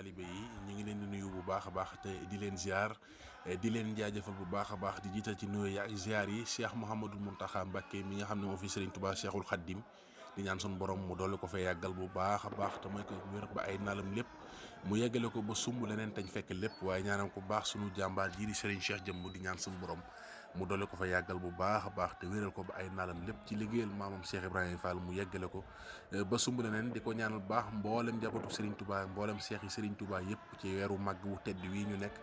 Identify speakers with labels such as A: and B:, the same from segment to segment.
A: taalibe yi ñu ngi leen di nuyu bu baax a baax te di leen ziar di leen jaajëfal bu baax a baax di jiital ci nuyu ak ziar yi Cheikh Mouhamadul Mountakha Mbacké mi nga xam ne moo fi Serigne Touba Cheikhul Khadim di ñaan sun borom mu dolli ko fa yàggal bu baax a baax te mooy ko wér ba ay naalam lépp mu yeggale ko ba sumb leneen tañ fekk lépp waaye ñaanam ko baax suñu jàmbaar jii di Serigne Cheikh jëmm di ñaan sun borom mu dole ko fa yàggal bu baax a baax te wéral ko ba ay naalam lépp ci liggéeyal maamam Cheikh Ibrahima Fall mu yeggale ko eh, ba sumb leneen di ko ñaanal baax mboolem njabootu Serigne Touba mboolem Cheikh yi Serigne Touba yëpp ci weeru màgg wu tedd wii ñu nekk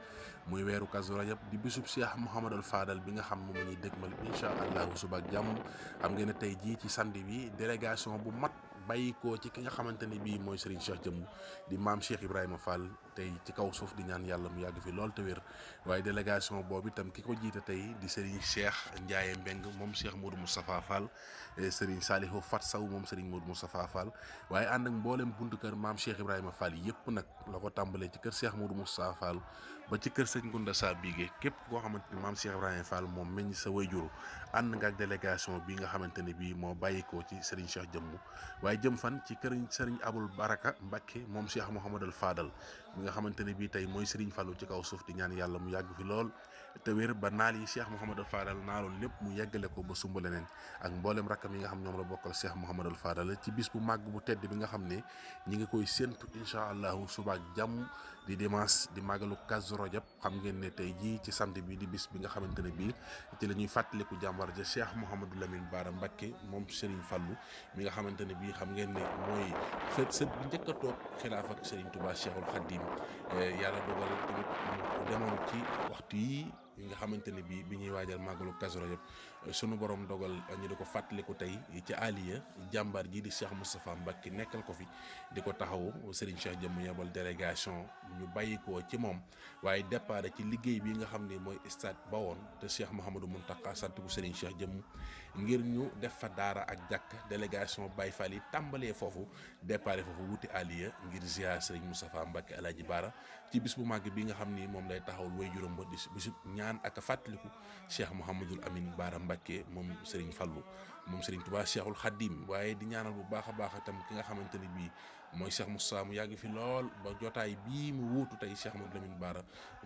A: muy weeru Kazu Rajab di bisub Cheikh Mouhamadul Fadal bi nga xam ne mu ñuy dëgmal incha allahu suba ak jàmm xam ngeen ne tey jii ci samedi bi délégation bu mat bàyyi ko ci ki nga xamante ne bii mooy Serigne Cheikh Jëmm di maam Cheikh Ibrahima Fall. tey ci kaw suuf di ñaan yàlla mu yàgg fi lool te wér waaye délégation boobu itam ki ko jiite tey di Serigne Cheikh Ndiaye Mbeng moom Cheikh Modou Moustapha Fall eh, Serigne Salihu Fat Saw moom Serigne Modou Moustapha Fall waaye ànd ak mboolem buntu kër maam Cheikh Ibrahima Fall yëpp nag la ko tàmbalee ci kër Cheikh Modou Moustapha Fall ba ci kër sëñ Gunda Sa Bigé képp koo xamante ni maam Cheikh Ibrahima Fall moom meññ sa wayjuru ànd nga délégation bi nga xamante ne bii moo bàyyikoo ci Serigne Cheikh jëmm waaye jëm fan ci kër Serigne Abul Baraka Mbacke moom Cheikh Mouhamadul Fadal bi nga xamante ne bii tey mooy Serigne Fallou ci kaw suuf di ñaan yàlla mu yàgg fi lool te wér ba naal yi Cheikh Mouhamadul Fadal naaloon lépp mu yeggale ko ba sumba leneen ak mboolem rakkam yi nga xam ñoom la bokkal Cheikh Mouhamadul Fadal ci bis bu màgg bu tedd bi nga xam ne ñi ngi koy séntu incha allahu suba ak jàmm di dimanche di màggalu Kazu Rajab xam ngeen ne tey jii ci samedi bi di bis bi nga xamante ne bii ci la ñuy fàttaliku jàmbar ja Cheikh Mouhamadou Lamine Bara Mbacké moom Serigne Fallou mi nga xamante ne bii xam ngeen ne mooy fët sët bi njëkk a toog xilaaf ak Serigne Touba Cheikhul Khadim eh, yàlla dogal tamit mu demoon ci waxtu yi yi nga xamante ne bii bi ñuy waajal màggalu Kazu Rajab euh, suñu borom dogal euh, ñu di ko fàttaliku tey ci aliya jàmbaar ji di Cheikh Moustapha Mbacke nekkal ko fi di ko taxawu Serigne Cheikh Jëmm yebal délégation ñu bàyyi ko ci moom waaye départ ci liggéey bi nga xam ne mooy stade ba woon te Cheikh Mouhamadou Mountakha sant ko Serigne Cheikh Jëmm ngir ñu def fa daara ak jàkk délégation bay Fall yi tàmbalee foofu départ foofu wuti aliya ngir ziar sëriñ Moustapha Mbacke Alaaji Baara ci bis bu màgg bi nga xam ni moom lay taxawul way juróom ba di bisu ñaan ak fàttaliku Cheikh Mouhamadul Amin Baara Mbacke moom sëriñ Fallu moom sëriñ Touba Cheikhul Khadim waaye di ñaanal bu baax a baax itam ki nga xamante ni bii mooy Cheikh Moussa mu yàgg fi lool ba jotaay bii mu wuutu tey Cheikh Mouhamadou Lamine Bara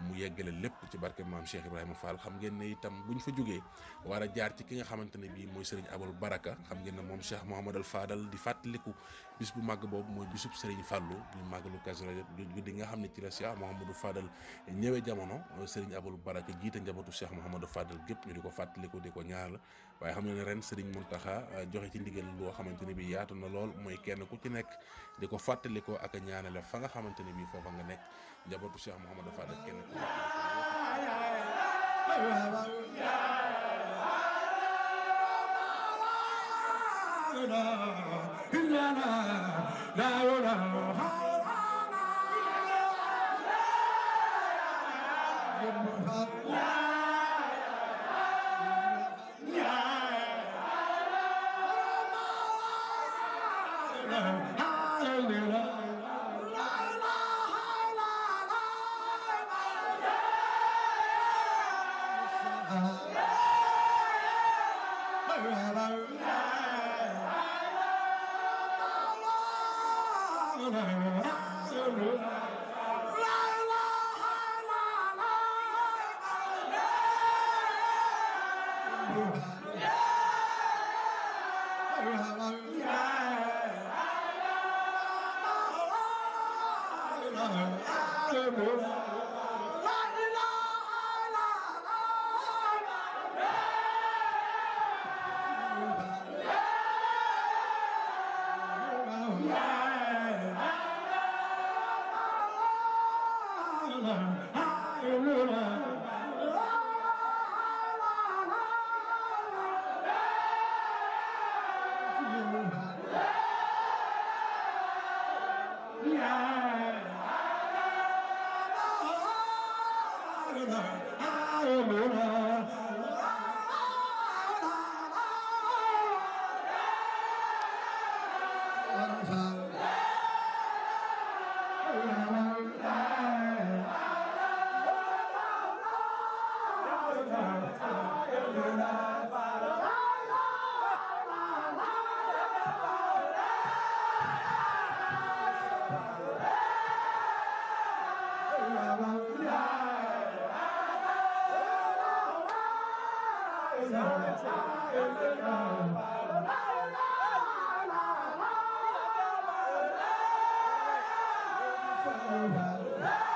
A: mu yeggale lépp ci barke maam Cheikh Ibrahima Fall xam ngeen ne itam bu ñu fa jógee war a jaar ci ki nga xamante ne bii mooy Serigne Abul Baraka xam ngeen ne moom Cheikh Mouhamadou Al faadal di fàttaliku bis bu màgg boobu mooy bisub Serigne Fallou ñu màggalu Kazu Rajab guddi nga xam ne ci la Cheikh Mouhamadou Fadal ñëwee jamono Serigne Abul Baraka jiite njabootu Cheikh Mouhamadou Fadal gépp ñu di ko fàttaliku di ko waaye xam ne ne ren Serigne Mountakha euh, joxe ci ndigal xamante ne bi yaatu na lool mooy kenn ku ci nekk di ko ko ak ñaanale fa nga xamante ne bi foofa nga nekk njabootu Cheikh Mouhamadou Fadal kenn ku
B: nekk Hallelujah. Deus. Hallelujah.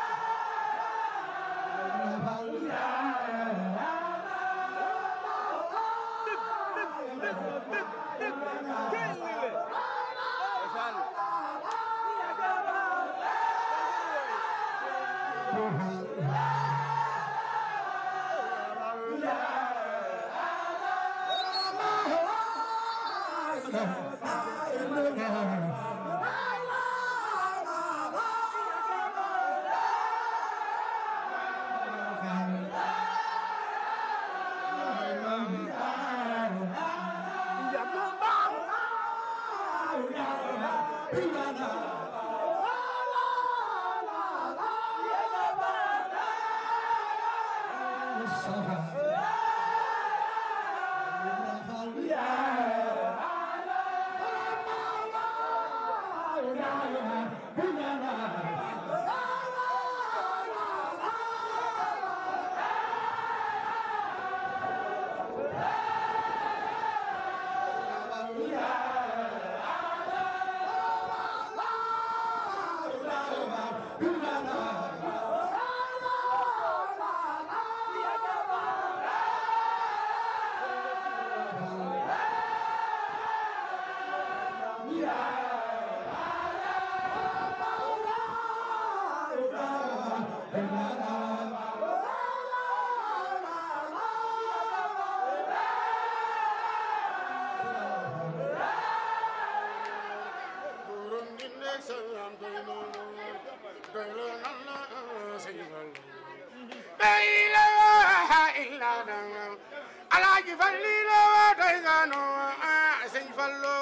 A: alaaji fal lii la
B: woo doy nga noo ah sëñ Fallu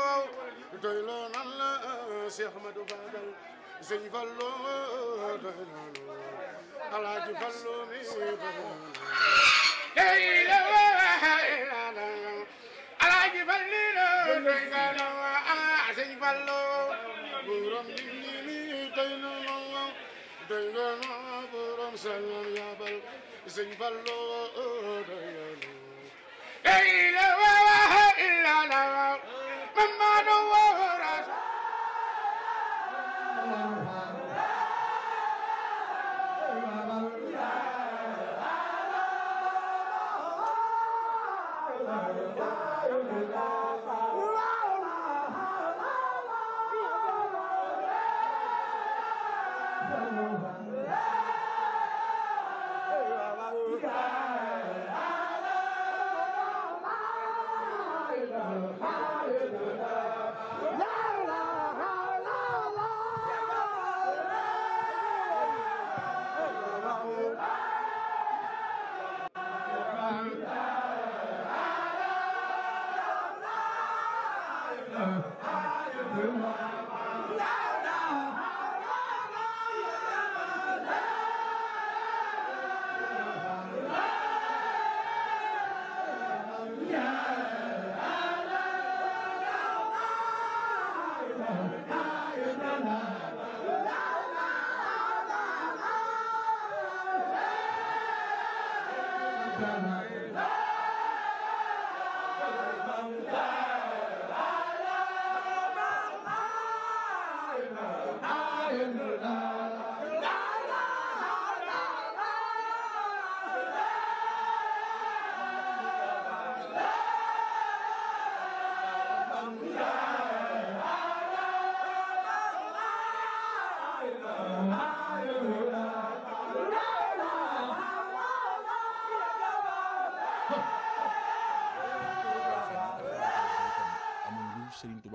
B: doy loo nan la Cheikh Ahmadou Fadal sëñ Fallu doy loo noo alaaji Fallu
A: mi doy la woo alaaji fal lii la doy nga noo ah sëñ Fallu borom nit ñi doy na noo doy nga noo borom sa yabal sëñ Fallu doy La ilaha illallah. Mama don't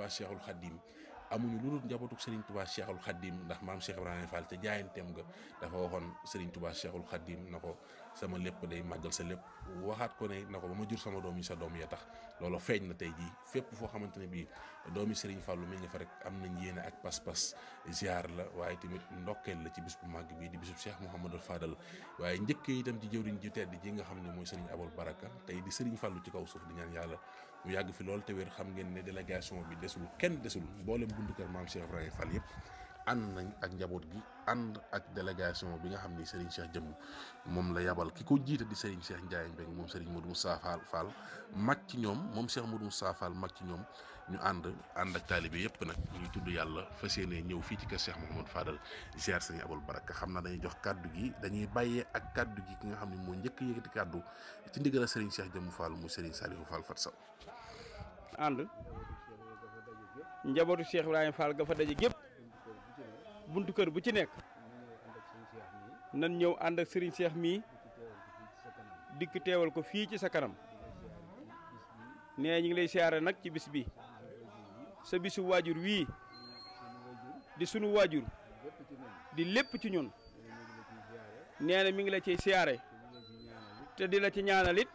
A: Touba Cheikhul Khadim amuñu lu dul njabootuk Serigne Touba Cheikhul Khadim ndax maam Cheikh Ibrahima Fall te jaayanteem nga dafa waxoon Serigne Touba Cheikhul Khadim na ko sama lépp day màggal sa lépp waxaat ko ne na ko ba ma jur sama doom yi sa doom ya tax loolu feeñ na tey jii fépp foo xamante ne bii doomi Serigne Fallou mel nga fa rek am na nañ yéene ak pas-pas ziar la waaye tamit ndokkeel la ci bis bu màgg bii di bisub Cheikh Mouhamadou Fadal waaye njëkkee itam ci jëwriñ ji tedd ji nga xam ne mooy Serigne Abol Baraka tey di Serigne Fallou ci kaw suuf di ñaan mu yàgg fi loolu te wér xam ngeen ne délégation bi desul kenn desul mboolem buntu kër maam Cheikh Ibrahima Fall yëpp ànd nañ ak njaboot gi ànd ak délégation bi nga xam ni Serigne Cheikh jëmm moom la yabal ki ko jiite di Serigne Cheikh Ndiaye Mbengue moom Serigne saa Moustapha Fall mag ci ñoom moom Cheikh Modou Moustapha Fall mag ci ñoom. ñu ànd ànd ak taalibe yëpp nag ñuy tudd yàlla fas yéenee ñëw fii ci kër Cheikh Mouhamadou Fadal ziar sëñ Abul Baraka xam naa dañuy jox kàddu gi dañuy bàyyee ak kàddu gi ki nga xam ne moo njëkk yëkkati kàddu ci ndigal a Serigne Cheikh Jëmm Fall mu Serigne Saliou Fall Fat Saw ànd njabootu Cheikh Ibrahima Fall ga fa daje gépp
B: buntu kër bu ci nekk nan ñëw ànd ak Serigne seex mii dikk teewal ko fii ci sa kanam nee ñu ngi lay siyaare nag ci bis bi sa bisu waajur wii di sunu waajur di lépp ci ñun nee mi ngi la ciy siyaare te di la ci ñaanalit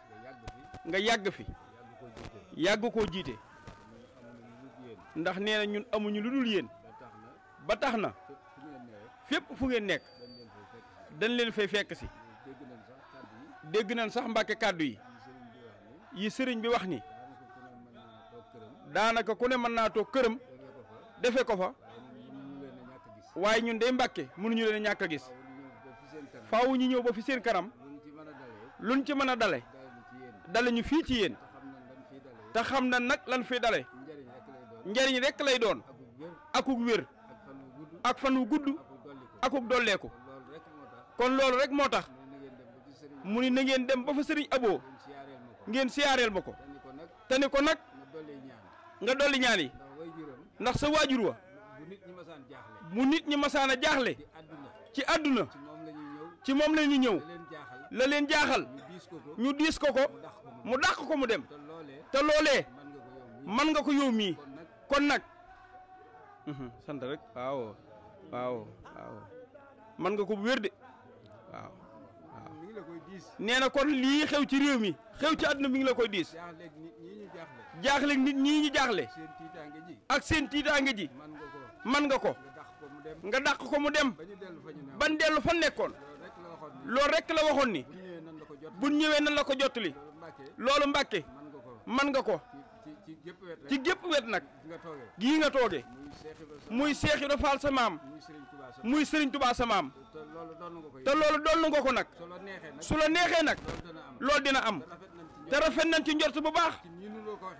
B: nga yàgg fi yàgg koo jiite ndax nee ñun amuñu lu dul yéen ba tax na fépp fu ngeen nekk dañ leen fekk si dégg nañ sax mbake kàddu yi yi sëriñ bi wax ni daanaka ku ne mën naa toog këram defe ko fa waaye ñun day mbàkke mënuñu leen a ñàkk a gis faaw ñu ñëw ba fi seen kanam luñ ci mën a dale dale ñu fii ci yéen te xam na nag lan fi dale njariñ rekk lay doon akuk wér ak fan wu gudd akuk dolleeku kon loolu rek moo tax mu ni na ngeen dem ba fa sëriñ aboo ngeen siyaareel ma ko te ni ko nag nga dolli ñaan yi ndax sa waajur wa mu nit ñi masaan a jaaxle ci àdduna ci moom la ñu ñëw la leen jaaxal ñu diis ko ko mu dàq ko mu dem te loolee man nga ko yow mii kon nag mhm. sant rek waaw man nga ko bu wér de nee na ko lii xew ci réew mi xew ci àdduna mi ngi la koy diis. jaaxleeg nit ñii ñu jaaxle. ak seen tiitaange ji. man nga ko. nga dàq ko mu dem. ban dellu fa nekkoon. loolu rek la waxoon ni. bu ñëwee nan la ko jottali. loolu mbàkke man nga ko. ci gépp wet ci gépp wet nag. gii nga toogee. muy Seex Ibra Faal sa maam. muy Serigne Touba sa maam. te loolu doon nga ko nag. su la neexee nag. loolu dina am. te rafet nañ ci njort bu baax.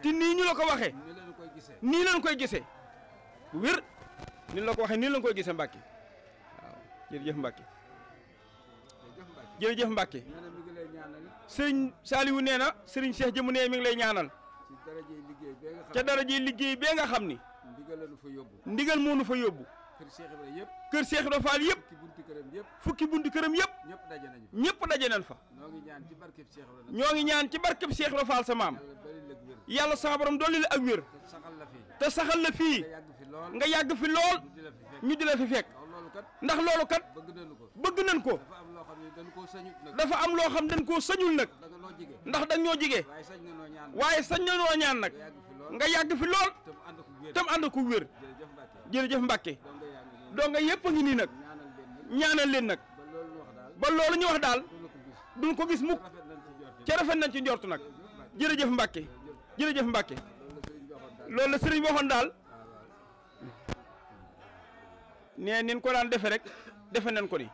B: te nii ñu la ko waxee. nii lañ koy gisee. wér ni la ko waxee nii lañ koy gisee Mbacke waaw jërëjëf Mbacke. jërëjëf Mbacke. sëriñ Saliou nee na sëriñ Cheikh jëmu nee mi ngi lay ñaanal. ci liggéey bee nga xam ca darajey liggéey bee nga xam ni. ndigal la nu fa yóbbu. ndigal moo nu fa yóbbu. kër Cheikh Ibrahima yëpp. kër Cheikh Ibrahima Fall yëpp. fukki bunti këram yëpp. fukki bunti këram yëpp. ñëpp daje nañ fa. ñëpp daje nañ fa. ñoo ngi ñaan ci barkeb Cheikh Ibrahima. ñoo ngi ñaan ci barkeb Cheikh Ibrahima Fall sa maam. yàlla sama borom dolli la ak wér. te saxal la fii. te saxal la nga yàgg fi lool. ñu di la fi fekk. ndax loolu kat bëgg nañ ko dafa am loo xam dañ koo sañul nag ndax dañ ñoo jige waaye sañ na noo ñaan nag
C: nga yàgg fi lool
B: tam ànd ko wér jërëjëf Mbàkke doo nga yëpp a ngi nii nag ñaanal leen nag ba loolu ñu wax daal duñ ko gis mukk ca rafet nañ ci njort nag jërëjëf Mbàkke jërëjëf Mbàkke loolu la sëriñ waxoon daal ne nin ko daan defe rek defe nañ ko ni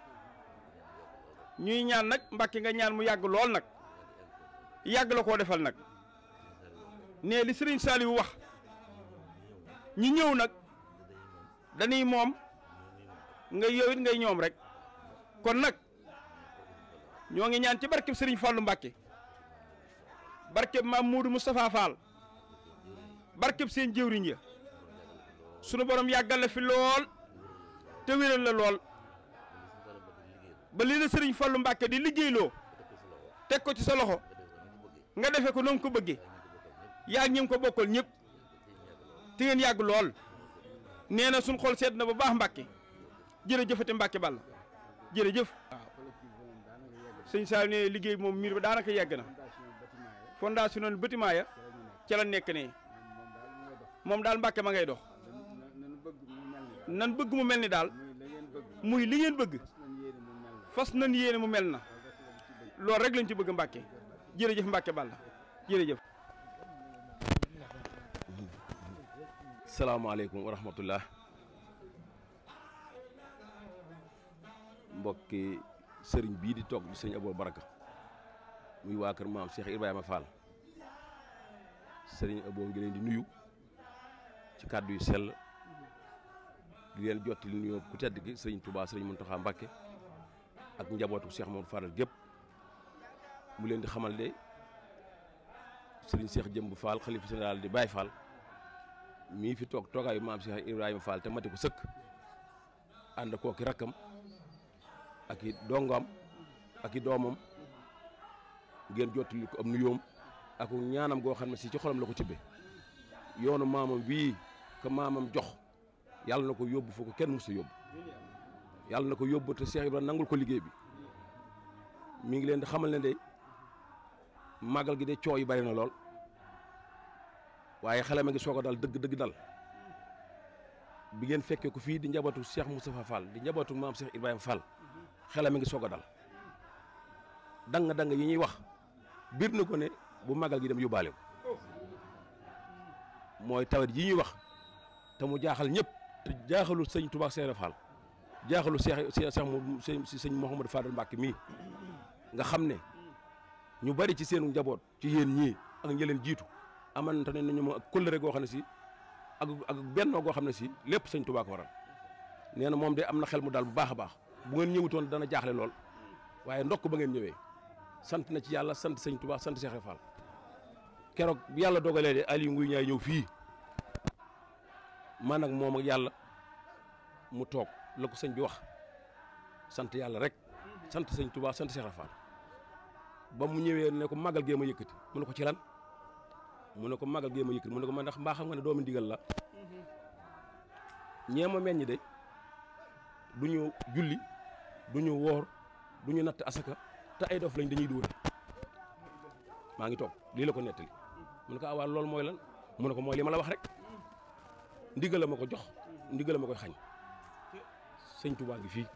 B: ñuy ñaan nak mbàkke nga ñaan mu yag lool nak yag la ko defal nak ne li serigne saliw wax ñi ñew nak dañi mom nga yow ngay ñom rek kon nak ñoo ngi ñaan ci barke serigne fallu Mbàkke barke mamoudou mustapha Fall barke seen jewriñ ya suñu borom yagal la fi lool te wéral la lool ba lii la sëriñ Fallu Mbàkke di liggéeyloo teg ko ci sa loxo nga defe ko noonu ko bëggee yaa ngi ko bokkal ñëpp te ngeen yàgg lool nee na suñ xol sedd na bu baax Mbàkke jërëjëfati Mbàkke Balla jërëjëf sëñ Saal ne liggéey moom miir ba daanaka yàgg na fondation bâtiment ya ca la nekk nii moom daal Mbàkke ma ngay dox nan bëgg mu mel ni daal muy li ngeen bëgg fas nan yéene mu mel na loolu rek lañ ci bëgg Mbàkke jërëjëf Mbàkke Balla jërëjëf.
C: salaamaaleykum wa rahmatullah mbokki sëriñ bii di toog di sëriñ Abou Baraka muy waa kër maam Cheikh Ibrahima Fall sëriñ Abou ngi di nuyu ci kàddu yu sell. di leen jotti li nuyoo ku tedd gi sëriñ Touba sëriñ Mountakha Mbacké ak njabootu seex Mamadou Faral gépp mu leen di xamal de sëriñ Cheikh Jëmb Fall xalifa général di Baye Fall mii fi toog toogaayu maam Cheikh Ibrahima Fall te mati ko sëkk ànd kooki rakkam ak i dongam ak i doomam ngeen jottali ko am nuyoom ak ñaanam goo xam ne si ci xolam la ko tibbe yoonu maamam wii ka maamam jox yàlla na ko yóbbu foo ko kenn mës a yóbbu yàlla na ko yóbbu te Cheikh Ibrahima nangul ko liggéey bi mi ngi leen di xamal ne de màggal gi de coow yi bari na lool waaye xelama ngi soog a dal dëgg dëgg dal bi ngeen fekkee ko fii di njabatu njabootu Cheikh Moustapha Fall di njabootu maam Cheikh Ibrahima Fall xelama ngi soog a dal dang-dang yi ñuy wax biir na ko ne bu màggal gi dem yóbbaale mooy tawet yi ñuy wax te mu jaaxal ñëpp jaaxalul sëñ Touba Seydou Fall jaaxalul seex seex sëñ sëñ Mouhamadou Fadal Mbacke mii nga xam ne ñu bari ci seenu njaboot ci yéen ñii ak ñi jiitu amante ne nañu ma ak kóllëre goo xam ne si ak ak bennoo goo xam ne si lépp sëñ Touba ko waral nee na moom de am na xel mu daal bu baax a baax bu ngeen ñëwutoon dana jaaxle lool waaye ndokk ba ngeen ñëwee sant na ci yàlla sant sëñ Touba sant Seex Fall keroog bi yàlla dogalee de Aliou Ngouye Ndiaye ñëw fii. man ak mom ak yalla mu tok la ko señ bi wax sante yalla rek sante tuwa touba sante Cheikh Rafal ba mu ñewé ne ko magal geema yëkëti mu ne ko ci lan mu ne ko magal geema yëkëti mu ne ko man ndax ba xam nga ne doomi digal la ñeema de duñu julli duñu wor duñu asaka ta ay dof lañ dañuy duur ma ngi tok li la ko netti mu ne ko ah, awal lol moy lan mu ne ko moy li ma wax rek ndigal la ma ko jox ndi la ma koy xañ sëñ Touba gi fii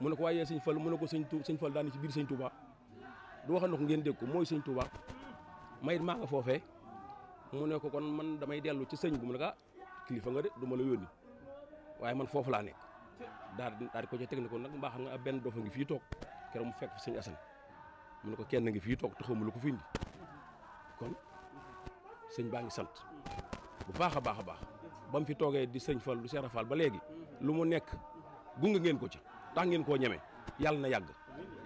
C: mu ne ko waaye sëñ Fall mu ne ko sëñ Touba sëñ Fall daani ci biir sëñ Touba du wax na ko ngeen dégg ko mooy sëñ Touba mayit maa nga foofee mu ne ko kon man damay dellu ci sëñ bu mu ne ah, kilifa nga de du ma la yónni waaye man foofu laa nekk daal daal di ko ca teg ne ko nag mbaa xam nga ab benn dofa ngi fii toog keroog mu fekk fi sëñ Assane mu ne ko kenn ngi fii toog taxawu lu ko fi indi kon sëñ baa ngi sant bu baax a baax a baax. ba mu fi toogee di sëñ Fall du Cheikh faal ba léegi lu mu nekk gunge ngeen ko ci tax ngeen koo ñeme yàlla na yàgg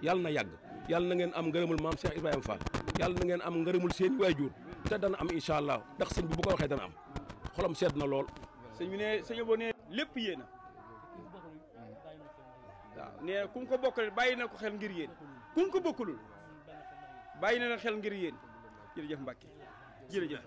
C: yàlla na yàgg yàlla na ngeen am ngërëmul maam Cheikh Ibrahima Fall yàlla na ngeen am ngërëmul seen waajur te dana am incha allah ndax sëñ bi bu ko waxee dana am xolam seet na lool.
B: sëñ bi ne sëñ boo nee lépp yéen a waaw nee ku mu ko bokkal bàyyi na ko xel ngir yéen ku ko bokkalul bàyyi na xel ngir yéen jërëjëf Mbacke jërëjëf.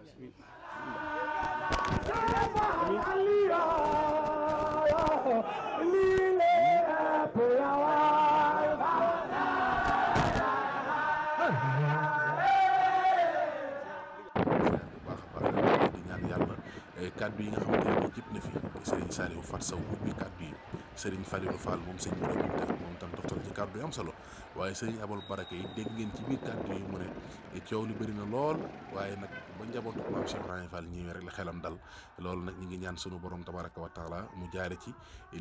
A: kàddu yi nga xam ne jëpp na fi Serigne eh, Saliou Fat Sow ubbi kàddu yi Serigne Falilou Fall moom sëñ bi moom tam moom tam doxtal ci kàddu yi am solo waaye Serigne Abol Baraka yi dégg ngeen ci biir kàddu yi mu ne eh, coow li bëri lool waaye nag ba njabootu maam Cheikh Ibrahima Fall loolu nag ñi ngi ñaan sunu borom tabaraka wa taala mu jaare ci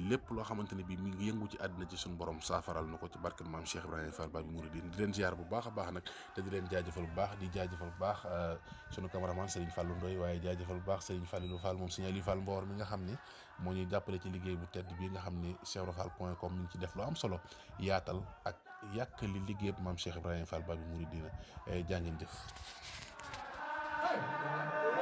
A: lépp loo xamante ne bi mi ngi yëngu ci àddina ci sunu borom saafaral na ko ci barkat maam Cheikh Ibrahima Fall Babi Mouridine di leen ziar bu baax a baax nag te di leen jaajëfal bu baax di jaajëfal bu baax euh, sunu cameraman Serigne Fallou Ndoye waaye jaajëfal bu baax Serigne Fallou Fall moom Serigne Aliou Fall Mbor mi nga xam ne moo ñuy jàppale ci liggéey bu tedd bi nga xam ne cheikhrafall.com mi ngi ci def lu am solo yaatal ak yàq li liggéey maam Cheikh Ibrahima Fall はい